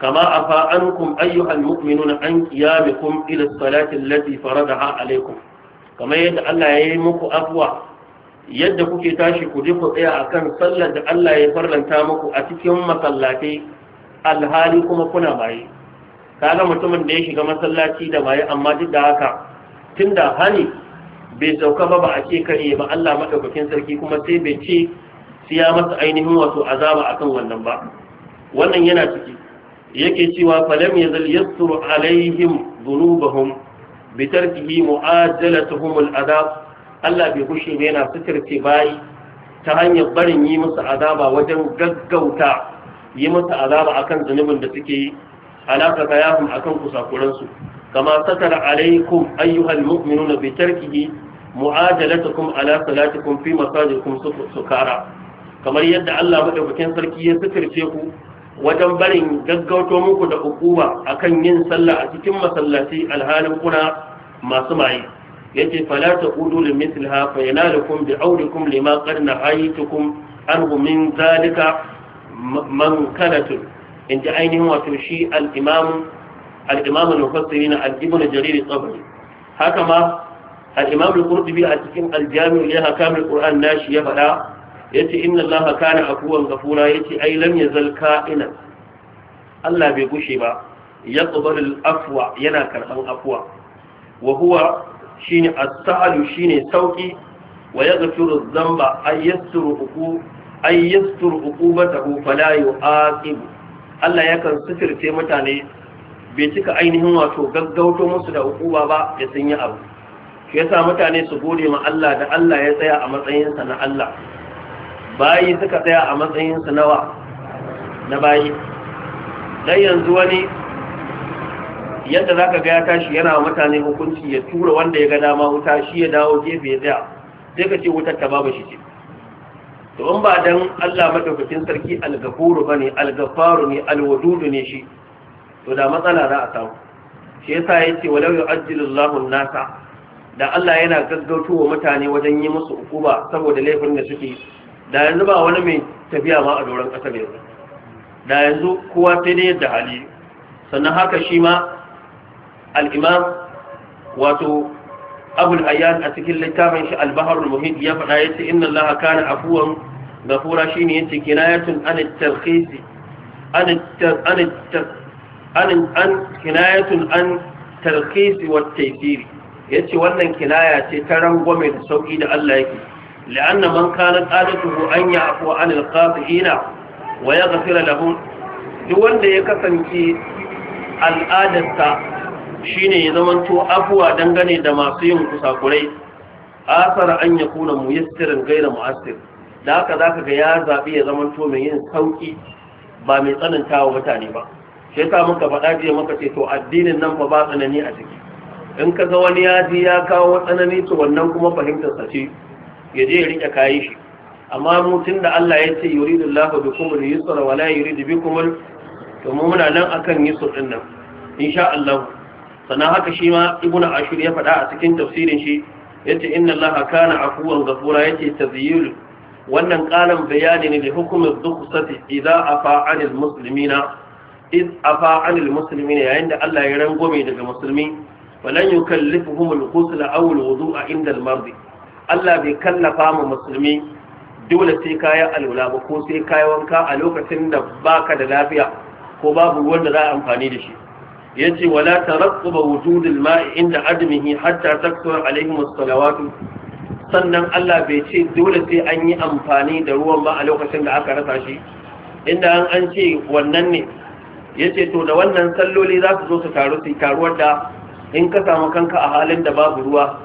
كما أفا عنكم أيها المؤمنون عن قيامكم إلى الصلاة التي فرضها عليكم كما يد الله ku أفوى ku tsaya kan sallar da Allah ya farlanta muku a cikin masallatai, alhali kuma kuna baye kaga mutumin da ya shiga masallaci da baye amma duk da haka tunda hani bai sauka ba ba a ce kare ba Allah maɗaukakin sarki kuma sai bai ce siya masa ainihin wato azaba akan wannan ba wannan yana ciki yake cewa falam yazal yassuru alaihim dhunubahum bi tarkihi mu'ajalatuhum al'adab Allah bai kushe ne yana suturce bayi ta hanyar barin yi musu azaba wajen gaggauta yi musu azaba akan zunubin da suke yi alaka kayahum akan kusakuran su kama satara alaikum ayyuhal mu'minuna bi tarkihi mu'ajalatukum ala salatikum fi masajikum sukara kamar yadda Allah madaukakin sarki ya suturce ku wajen barin gaggauto muku da hukuma akan yin sallah a cikin masallaci alhalin kuna masu maye yake fala taqudu li mithliha fa kun bi awlikum lima qad nahaytukum anhu zalika man kanatu inda ainihin wato shi al-imam al-imam al-mufassirin al haka ma al-imam al a cikin al-jami' li ahkam nashi ya faɗa yace inna allaha kana afuwan ghafura yace ai lam yazal ka'ina Allah bai gushe ba yaqbalu al-afwa yana karban afwa wa huwa shine as-sa'lu shine sauki wa yaghfiru adh-dhanba ay uku uqu ay yassiru uqubatahu fala yu'aqib Allah yakan sifirce mutane bai cika ainihin wato gaggauto musu da hukuma ba ya sanya abu shi yasa mutane su gode ma Allah da Allah ya tsaya a matsayinsa na Allah bayi suka tsaya a matsayinsu nawa na bayi dan yanzu wani yadda za ka ya tashi yana mutane hukunci ya tura wanda ya ga dama wuta shi ya dawo gefe ya tsaya sai ka ce wutar ta babu shi ce to in ba dan Allah madaukakin sarki al ba bane al ne al wududu ne shi to da matsala za a samu shi yasa ce walau yu'ajjilu Allahu an-nasa da Allah yana gaggautowa mutane wajen yi musu ukuba saboda laifin da suke da yanzu ba wani mai tafiya ma a doron ƙasar yanzu da yanzu kowa sai dai yadda hali sannan haka shi ma al'imam wato abul hayyan a cikin littafin shi al-baharul ya faɗa yace inna allaha kana afuwan gafura shine yace kinayatun an at an an an kinayatun an tarkhis wa at yace wannan kinaya ce ta rangwame da sauki da Allah yake لأن من كانت عادته أن يعفو عن الخاطئين ويغفر لهم Duk wanda ya kasance al'adarsa shine ya zamanto afuwa dangane da masu yin kusakurai asar an ya kuna muyassirin gaira mu'assir da haka zaka ga ya zabi ya zamanto mai yin sauki ba mai tsanantawa mutane ba shi yasa muka faɗa jiya muka ce to addinin nan fa ba tsanani a ciki in ka ga wani ya ji ya kawo tsanani to wannan kuma fahimtar sa ce ya je ya rike kayi shi amma mu da Allah ya ce yuridu Allahu bikum al-yusra wa la yuridu bikum to mu muna nan akan yusr din nan insha Allah sannan haka shi ma ibnu ashur ya faɗa a cikin tafsirin shi yace inna Allaha kana afuwan ghafura yace tazyil wannan ƙarin bayani ne da hukumin dukusati idan afa anil muslimina iz afa anil muslimina yayin da Allah ya rangwame daga musulmi falan yukallifuhum al-ghusl aw al-wudu'a inda al-mardi Allah bai kallafa mu musulmi dole sai kayi alwala ba ko sai yi wanka a lokacin da baka da lafiya ko babu da za a amfani da shi yace wala tarattuba wujudul ma'i inda adamihi hatta takthura alaihim as-salawatu sannan Allah bai ce dole sai an yi amfani da ruwan ba a lokacin da aka rasa shi inda an ce wannan ne ce to da wannan salloli za su zo su taru su taruwar da in ka samu kanka a halin da babu ruwa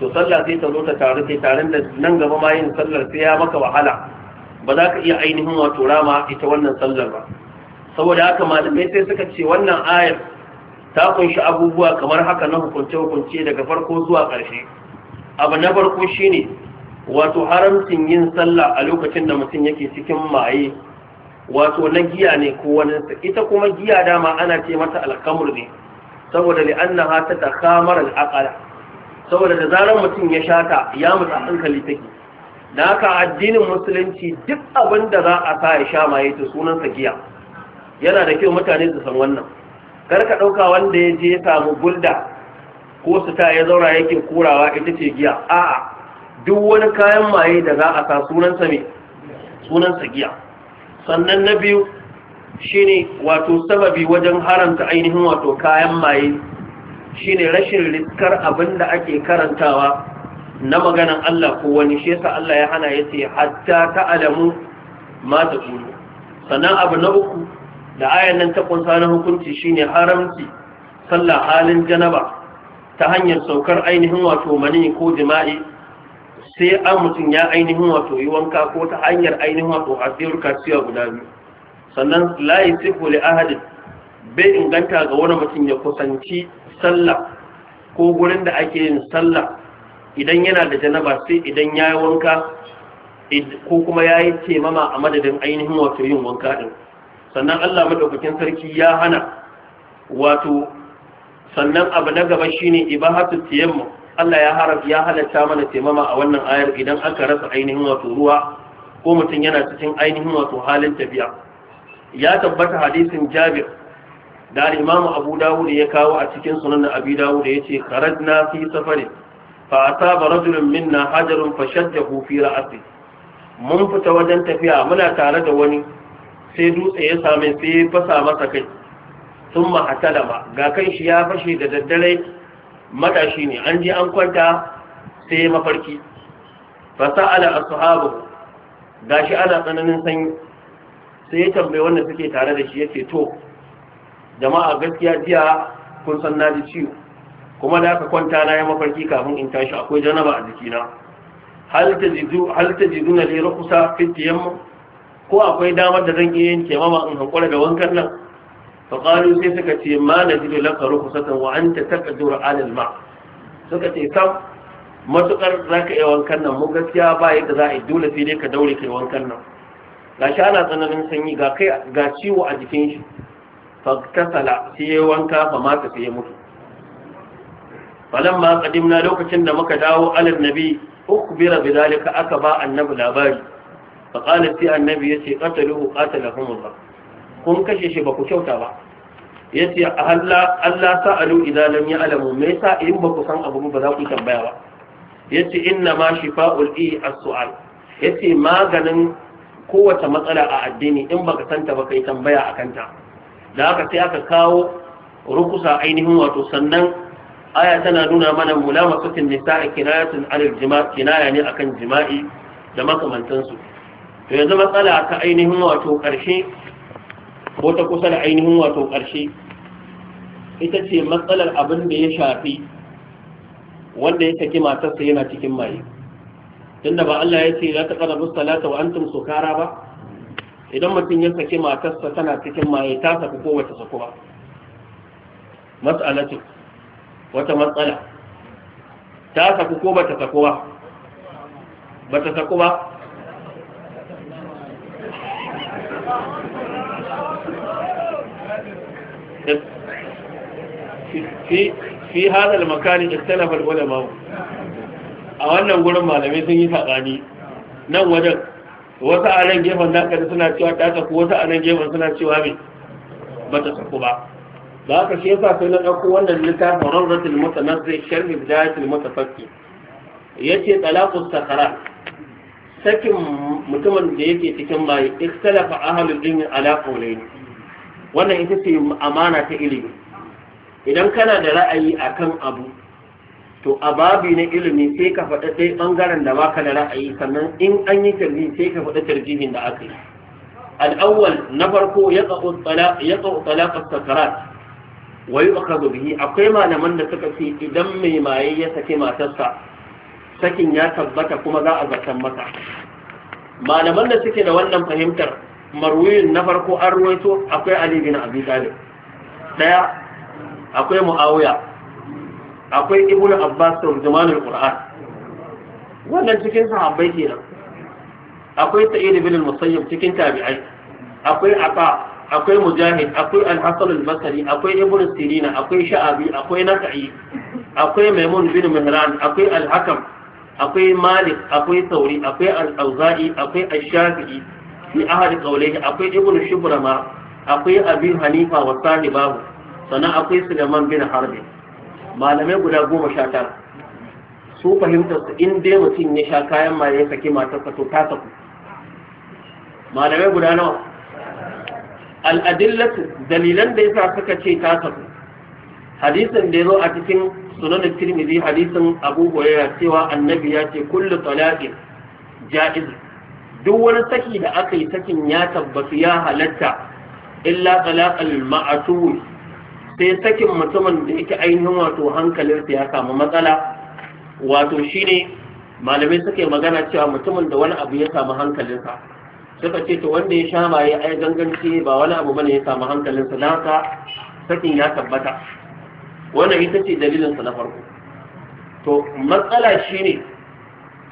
to sallah sai ta zo ta taru sai tare da nan gaba ma yin sallar sai ya maka wahala ba za ka iya ainihin wato rama ita wannan sallar ba saboda haka malamai sai suka ce wannan ayar ta kunshi abubuwa kamar haka na hukunce-hukunce daga farko zuwa ƙarshe abu na farko shine wato haramcin yin sallah a lokacin da mutum yake cikin maye wato na giya ne ko wani ita kuma giya dama ana ce mata alkamur ne saboda li'annaha ta takamar al'aqala saboda da zarar mutum ya shata ya mutu hankali take da haka addinin musulunci duk abin da za a sa ya sha maye ta sunansa giya yana da kyau mutane su san wannan kar ka ɗauka wanda ya je ya samu gulda ko su ta ya zaura yake kurawa ita ce giya a'a duk wani kayan maye da za a sa sunansa me sa giya sannan na biyu shine wato sababi wajen haramta ainihin wato kayan maye Shi ne rashin riskar abin da ake karantawa na maganan Allah ko wani shi yasa Allah ya hana ya ce, hatta alamu ma taqulu sannan abu na uku da ayan nan ta kunsa na hukunci shine haramci sallah halin janaba ta hanyar saukar ainihin wato mani ko jima'i sai an mutum ya ainihin wato yi wanka ko ta hanyar ainihin wato asirur kasiya guda biyu sannan layi sifu li ahadin bai inganta ga wani mutum ya kusanci sallah ko gurin da ake yin sallah idan yana da janaba sai idan ya yi wanka ko kuma ya yi temama a madadin ainihin wato yin wanka ɗin sannan allah maɗaukakin sarki ya hana wato sannan abu na gaba shine hatu tiyammu allah ya haraf ya halatta mana temama a wannan ayar idan aka rasa ainihin wato ruwa ko mutum yana cikin ainihin wato halin tafiya ya tabbata hadisin jabir da imam abu dawud ya kawo a cikin sunan abi dawud ya ce na fi safari fa asaba rajulun minna hajarun fa shajjahu fi ra'si mun fita wajen tafiya muna tare da wani sai dutse ya same sai ya fasa masa kai sun hatalama ga kan shi ya fashe da daddare matashi ne an ji an kwanta sai ya mafarki sa'ala ashabu gashi ana tsananin sanyi sai ya tambaye wanda suke tare da shi yace to jama'a gaskiya jiya kun san na ji ciwo kuma da aka kwanta na ya mafarki kafin in tashi akwai janaba a jikina hal ta jizu na lera kusa fitiyan mu ko akwai damar da zan iya yanke kemama in hankula da wankan nan ta qalu sai suka ce ma na najidu laka rukhsatan wa an ta taka dora alil ma suka ce sam matukar ka iya wankan nan mu gaskiya ba yadda za a yi dole sai dai ka daure kai wankan nan gashi ana tsananin sanyi ga ga ciwo a jikin shi faktasala sai ya wanka fa mata ya mutu falamma qadimna lokacin da muka dawo alal nabi ukbira bidalika aka ba annabi labari fa qala sai annabi yace qataluhu qatalahumullah kun kashe shi ba ku kyauta ba yace Allah Allah sa'alu idanun ya alamu, me sa in ba ku san abu ba za ku tambaya ba in inna ma shifa'ul i as-su'al yace maganin kowace matsala a addini in baka santa ba yi tambaya a kanta. da aka sai aka kawo rukusa ainihin wato sannan aya tana nuna mana mulamasatin nisa'i kinayatun alil jima' kinaya ne akan jima'i da makamantansu to yanzu matsala ta ainihin wato ƙarshe ko ta kusa da ainihin wato ƙarshe ita ce matsalar abin da ya shafi wanda ya saki matarsa yana cikin maye tunda ba Allah ya ce ta taqrabu salata wa antum sukara ba idan mutum ya saki matarsa tana cikin maye ta saku ko wata saku ba mas'alatu wata matsala ta saku ko bata saku ba bata saku ba fi fi da makani ikhtalafa al-ulama a wannan gurin malamai sun yi saƙani nan wajen wasu a nan gefen naka suna cewa ta saku wasu a nan gefen suna cewa mai ba ta saku ba ba haka shi yasa sai na ɗauko wannan littafin rawdatul mutanazzih sharh bidayatul Ya ce talaqus sakara sakin mutumin da yake cikin bayi ikhtalafa ahlul ilmi ala qawlayn wannan ita ce amana ta ilimi idan kana da ra'ayi akan abu to a babi na ilimi sai ka faɗa ɗaya ɓangaren da baka da ra'ayi sannan in an yi tarbi sai ka faɗa tarjihin da aka yi al'awwal na farko ya tsawo sakarat wa yi aka bihi akwai malaman da suka ce idan mai maye ya sake matarsa sakin ya tabbata kuma za a zartan mata malaman da suke da wannan fahimtar marwuyin na farko an ruwaito akwai ali bin abi talib akwai muawiya akwai ibn abbas turjumanul qur'an wannan cikin sahabbai kenan akwai sa'id ibn al-musayyib cikin tabi'ai akwai aqa akwai mujahid akwai al-hasan al-basri akwai ibn sirina akwai sha'abi akwai nasa'i akwai maimun bin mihran akwai al-hakam akwai malik akwai sauri akwai al akwai ash-shafi'i fi ahad qawlihi akwai ibn shubra ma akwai abi hanifa wa sahibahu sannan akwai sulaiman bin harbi malamai guda goma sha tara su fahimtar su in dai mutum ya sha kayan ma ya saki ka to ta saku malamai guda nawa al'adillatu dalilan da yasa suka ce ta saku hadisin da ya zo a cikin sunan tirmidhi hadisin abu ya cewa annabi ya ce kullu talaqin ja'iz duk wani saki da aka yi sakin ya tabbatu ya halatta illa talaqal ma'atu sai sakin mutumin da yake ainihin wato hankalinsa ya samu matsala wato shi ne malamai suka yi magana cewa mutumin da wani abu ya samu hankalinsa suka ce to wanda ya sha ya ai ganganci ba wani abu bane ya samu hankalinsa don haka sakin ya tabbata wannan ita ce dalilinsa na farko to matsala shi ne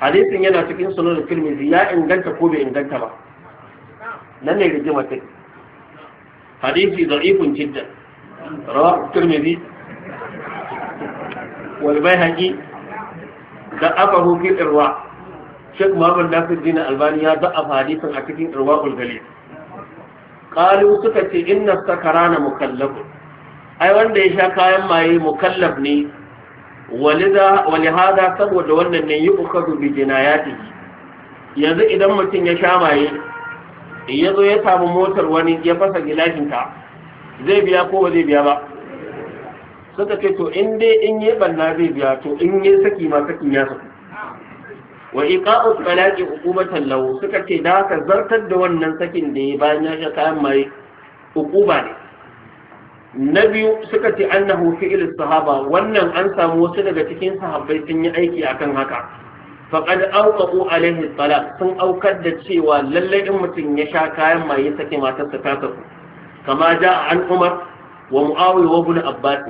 hadisin yana cikin sunan tirmidhi ya inganta ko bai inganta ba nan ne rigima take hadisi da'ifun jiddan rawa turmizi walbai haƙi da aka hukin irwa shek muhammad nasir dina albani ya za a hadisin a cikin irwa ulgali ƙalu suka ce inna sakara na mukallafu ai wanda ya sha kayan maye mukallaf ne walihada saboda wannan ne yi ukadu bi jinayatihi yanzu idan mutum ya sha maye ya zo ya samu motar wani ya fasa gilashinta zai biya ko ba zai biya ba suka ce to in dai in yi banna zai biya to in yi saki ma sakin ya saku wa iqa'u talaqi hukumatan lahu suka ce da ka zartar da wannan sakin da ya bayan ya sha kayan mai hukuma ne na biyu suka ce annahu fi'l sahaba wannan an samu wasu daga cikin sahabbai sun yi aiki akan haka faqad awqa'u alaihi talaq sun aukar da cewa lalle in mutum ya sha kayan ya saki matar ta saku. kama ja an umar wa mu'awiya wa ibn abbas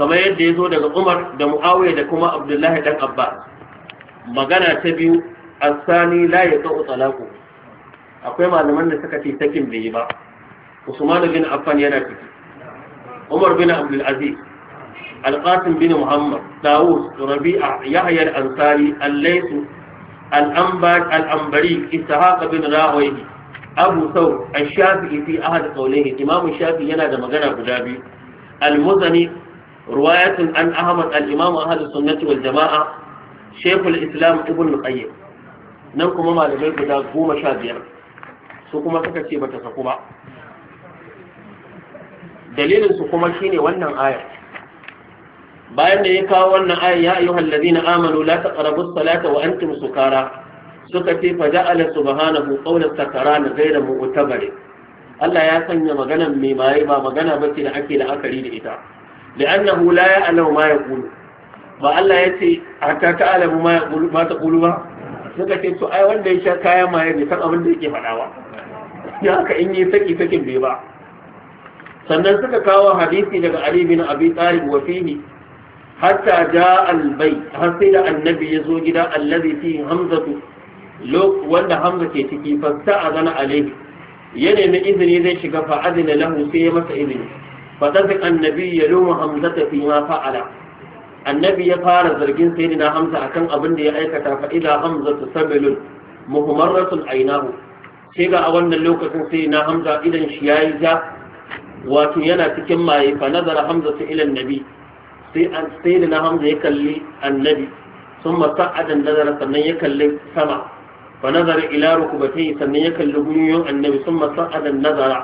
kama yadda yazo daga umar da mu'awiya da kuma abdullahi dan abbas magana ta biyu asani la yaqu akwai malaman da suka ce sakin bai yi ba usman bin affan yana ciki umar bin abdul aziz القاسم بن محمد داوود ربيعة يحيى الأنصاري الليث الأنباري إسحاق bin راهويه abu sau a shafi'i fi ahad kaulaihi imamu shafi yana da magana guda biyu al-muzani ruwayatun an ahmad al-imamu ahlus sunnati wal jama'a shaykhul islam ibn qayyim nan kuma malamai guda goma sha biyar su kuma suka ce bata saku ba dalilin su kuma shine wannan aya bayan da ya kawo wannan aya ya ayyuhal ladina amanu la taqrabus salata wa antum sukara suka ce fa ja'ala subhanahu qawla sakaran ghayra mu'tabari Allah ya sanya maganar mai maye ba magana bace da ake la'akari da ita li'annahu la ya'lamu ma yaqulu ba Allah ya ce hatta ta'lamu ma yaqulu ma taqulu ba suka ce to ai wanda ya sha kayan maye bai san abin da yake faɗa ba ya ka in yi saki sakin bai ba sannan suka kawo hadisi daga Ali bin Abi Talib wa fihi hatta ja'a bayt har sai da annabi ya zo gida allazi fi hamzatu wanda hamza ke ciki fasta a zana alaihi ya nemi izini zai shiga fa azina lahu sai ya masa izini fa tazik annabi ya luma hamzata fi ma fa'ala annabi ya fara zargin sayyidina hamza akan abin da ya aikata fa idza hamzatu sabilun muhmarratun ainahu sai ga a wannan lokacin sayyidina hamza idan shi yayi ja wato yana cikin maye fa nazara hamzatu ila annabi sai an sayyidina hamza ya kalli annabi sun masa'adan nazara sannan ya kalli sama fa nazara ila rukubatai sannan ya kalli gwiwoyin annabi sun masa'adan nazara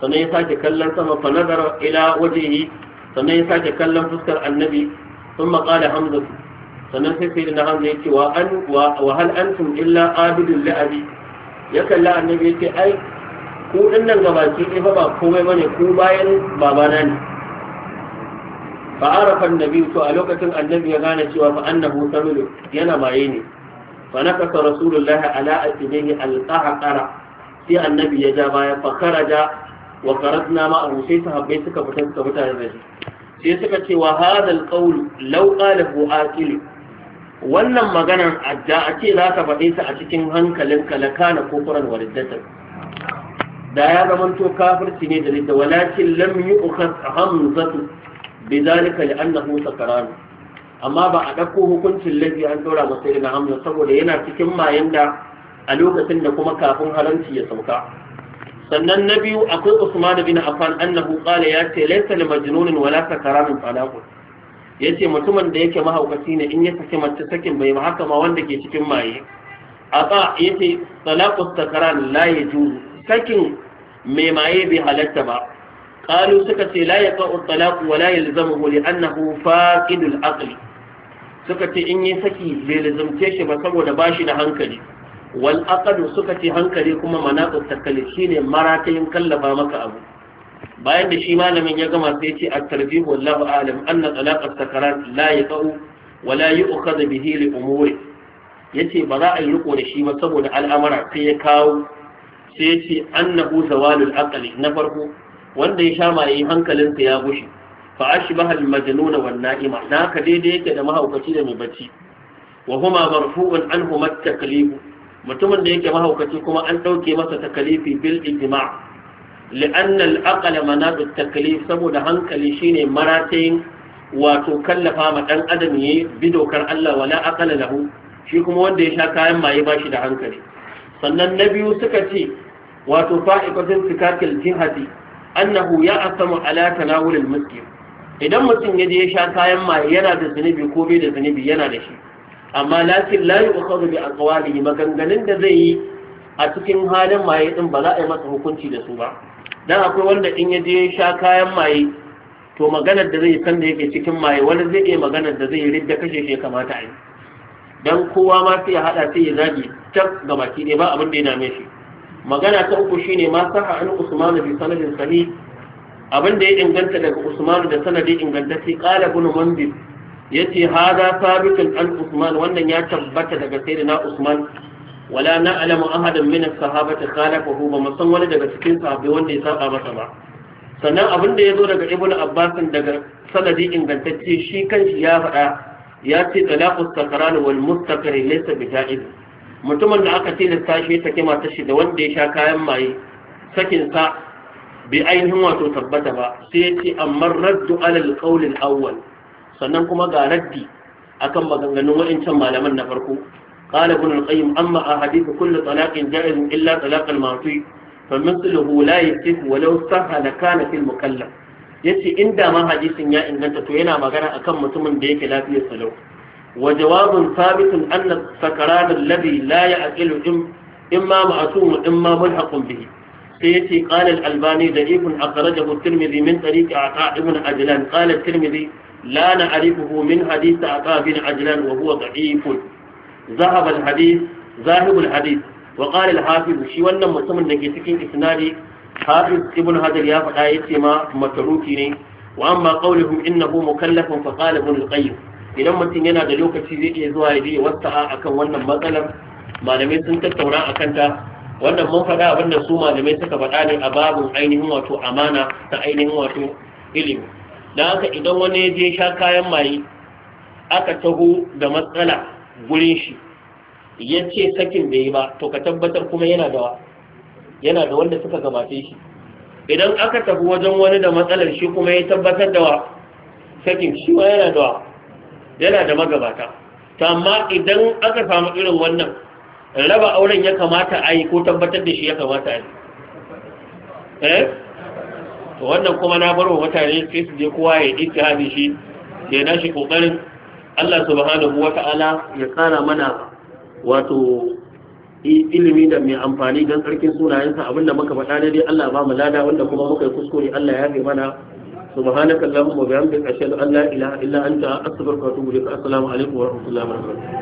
sannan ya sake kallon sama fa nazara ila wajehi sannan ya sake kallon fuskar annabi sun maƙala hamza sannan sai sai na hamza ya ce wa hal antum illa abidun ya kalli annabi ya ce ai ku ɗin nan gabaki ɗaya ba komai bane ku bayan babana ne fa'arafan nabi to a lokacin annabi ya gane cewa fa annahu samilu yana maye ne fa nakasa rasulullahi ala asibihi alqahqara sai annabi ya ja baya fa kharaja wa qaratna ma abu sai sahabbai suka suka fita da shi sai suka ce wa hadha alqawl law qalahu wannan maganar adda a ce za ka faɗe a cikin hankalin kalakana ko kuran wariddatar da ya zamanto kafirci ne da lidda walakin lam yi ukas hamzatu bi zalika li annahu sakaranu amma ba a ɗauko hukuncin laifi an ɗora masa irin hamza saboda yana cikin mayan da a lokacin da kuma kafin haramci ya sauka sannan na biyu akwai usman bin affan annahu qala ya ce laysa li majnunin wala sakaramin talaqun yace mutumin da yake mahaukaci ne in ya saki mace sakin bai ba haka wanda ke cikin maye aba yace talaqus sakaran la yajuzu sakin mai maye bai halatta ba قالوا سكت لا يقع الطلاق ولا يلزمه لأنه فاقد العقل suka ce in yi saki bai lizumce shi ba saboda ba shi da hankali wal aqalu suka ce hankali kuma manaqu takalif shine maratayin kallaba maka abu bayan da shi malamin ya gama sai ce at-tarjih wallahu alam anna talaq as-sakarat la yaqau wa la yu'khadhu bihi li umuri yace ba za a yi riko da shi ba saboda al'amara sai ya kawo sai yace annahu zawalul aqli na farko wanda ya sha maye hankalinsa ya gushe fa ashbaha al-majnun wan na'ima naka daidai yake da mahaukaci da mai bacci wa huma marfu'un anhu at-taklif mutumin da yake mahaukaci kuma an dauke masa takalifi bil ijma' li'anna al-aql manat at-taklif saboda hankali shine maratayin wato kallafa ma dan adam yi bi dokar Allah wala aqala lahu shi kuma wanda ya sha kayan maye ba shi da hankali sannan na biyu suka ce wato fa'iqatul fikakil jihati annahu ya'samu ala tanawul al-miskin idan mutum ya je ya sha kayan maye yana da zunubi ko bai da zunubi yana da shi amma lakin la yu'khadhu bi aqwalihi maganganun da zai yi a cikin halin maye din ba za a yi masa hukunci da su ba dan akwai wanda in ya je ya sha kayan maye to maganar da zai san da yake cikin maye wani zai iya maganar da zai ridda kashe shi kamata a yi dan kowa ma sai ya haɗa sai ya zagi tab ga baki ne ba abin da ya dame shi magana ta uku shine ma saha an usman bi sanadin sahih abin da ya inganta daga usman da sanadi ingantacce qala ibn ya yace hada sabitun an usman wannan ya tabbata daga na usman wala alamu ahadan min as-sahabati khalafahu ba musan wani daga cikin sahabbai wanda ya saba masa ba sannan abin da ya zo daga ibn abbas daga sanadi ingantacce shi kan kanshi ya faɗa ya ce talaqus sakaran wal mustaqir laysa bi mutumin da aka tilasta shi ta kima ta shi da wanda ya sha kayan maye sakinsa. bai ainihin wato tabbata ba sai ya ce amma raddu alal qaulil awwal sannan kuma ga raddi akan maganganun waɗancan malaman na farko قال ابن القيم أما أحاديث كل طلاق جائز إلا طلاق المعصي فمثله لا يكتف ولو سهل كان في المكلف yace in da ma hadisin ya inganta to yana magana akan mutumin da yake lafiyar salau wa jawabun thabitun anna sakaran alladhi la ya'qilu in imma ma'sum imma mulhaqun bihi sai yace qala al-albani da'ifun akhrajahu at-tirmidhi min tariqi ata ibn ajlan qala at-tirmidhi la na'rifuhu min hadith ata wa huwa ذهب الحديث ذاهب الحديث وقال الحافظ شي wannan mutumin da ke cikin isnadi hafiz ibn hajar ya faɗa yace ma mataruki ne wa amma qawluhum innahu mukallafun fa qala ibn qayyim idan mutum yana da lokaci zai iya zuwa ya je wasa'a akan wannan matsalar malamai sun tattauna akan ta wannan mun faɗa da su malamai suka faɗa ne a babin ainihin wato amana ta ainihin wato ilimi da haka idan wani ya je sha kayan maye aka taho da matsala gurin shi ya ce sakin da yi ba to ka tabbatar kuma yana da yana da wanda suka gabace shi idan aka tafi wajen wani da matsalar shi kuma ya tabbatar da wa? sakin shi ma yana da yana da magabata to amma idan aka samu irin wannan raba auren ya kamata a yi ko tabbatar da shi ya kamata a yi eh to wannan kuma na bar wa mutane sai su je kowa ya ijtihadi shi ya nashi kokarin Allah subhanahu wata'ala ya kara mana wato ilimi da mai amfani don tsarkin sunayensa abinda muka faɗa ne dai Allah ba mu lada wanda kuma muka yi kuskure Allah ya fi mana subhanaka allahumma wa bihamdika ashhadu an la ilaha illa anta astaghfiruka wa atubu ilaik assalamu alaikum wa rahmatullahi wa barakatuh